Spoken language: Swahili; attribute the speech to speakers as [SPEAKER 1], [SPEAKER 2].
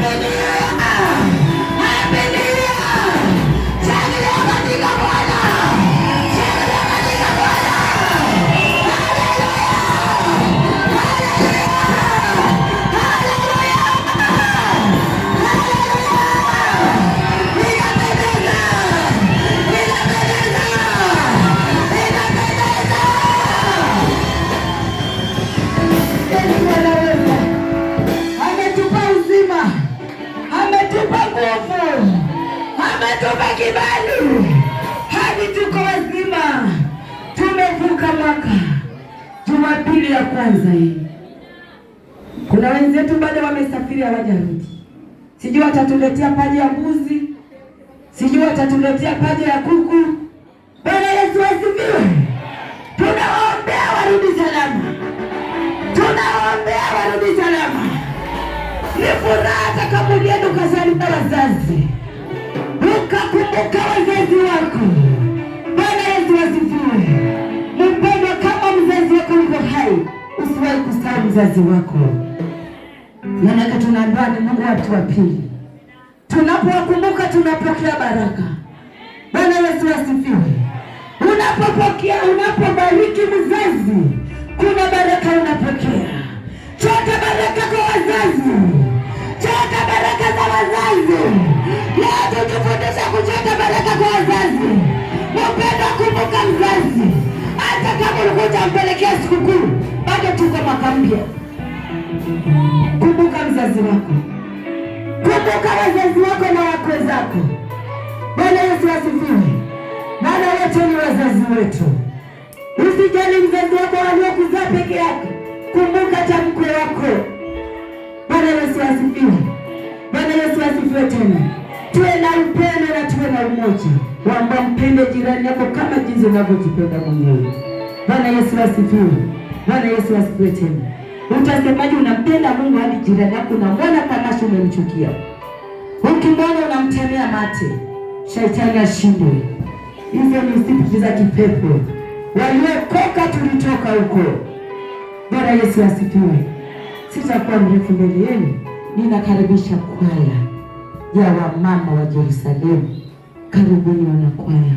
[SPEAKER 1] Amen. tunatoka Kebani hadi tuko wazima, tumevuka mwaka. Jumapili ya kwanza hii, kuna wenzetu bado wamesafiri, hawajarudi. Sijui watatuletea paja ya mbuzi, sijui watatuletea paja ya kuku. Bwana Yesu asifiwe! Tunawaombea warudi salama, tunawaombea warudi salama. Ni furaha kaburi yenu, wazazi kutoka wazazi wako. Bwana Yesu asifiwe. Mpendwa, kama mzazi wako yuko hai, usiwahi kusahau mzazi wako, maanake tunaambiwa ni Mungu watu wa pili. Tunapowakumbuka tunapokea baraka. Bwana Yesu asifiwe. Unapopokea, unapobariki mzazi, kuna baraka unapokea kuchota baraka kwa wazazi. Mupenda kumbuka mzazi, hata kama ulikuja mpelekea sikukuu, bado tuko mwaka mpya. Kumbuka mzazi wako, kumbuka wazazi wako na wakwe zako. Bwana Yesu asifiwe. Maana wote ni wazazi wetu. Usijali mzazi wako waliokuzaa peke yake, kumbuka tamko wako. Bwana Yesu asifiwe. Bwana Yesu asifiwe tena. Tuwe na upendo. Mpende jirani yako kama jinsi unavyojipenda mwenyewe. Bwana Yesu asifiwe. Bwana Yesu asifiwe tena. Utasemaje unampenda Mungu hadi jirani yako unamwona kama umemchukia? Ukimwona unamtemea mate. Shetani ashindwe. Hizo ni siku za kipepo. Waliokoka tulitoka huko. Bwana Yesu asifiwe. Sitakuwa mrefu mbele yenu. Ninakaribisha kwaya ya wamama wa Yerusalemu. Karibuni wanakwaya.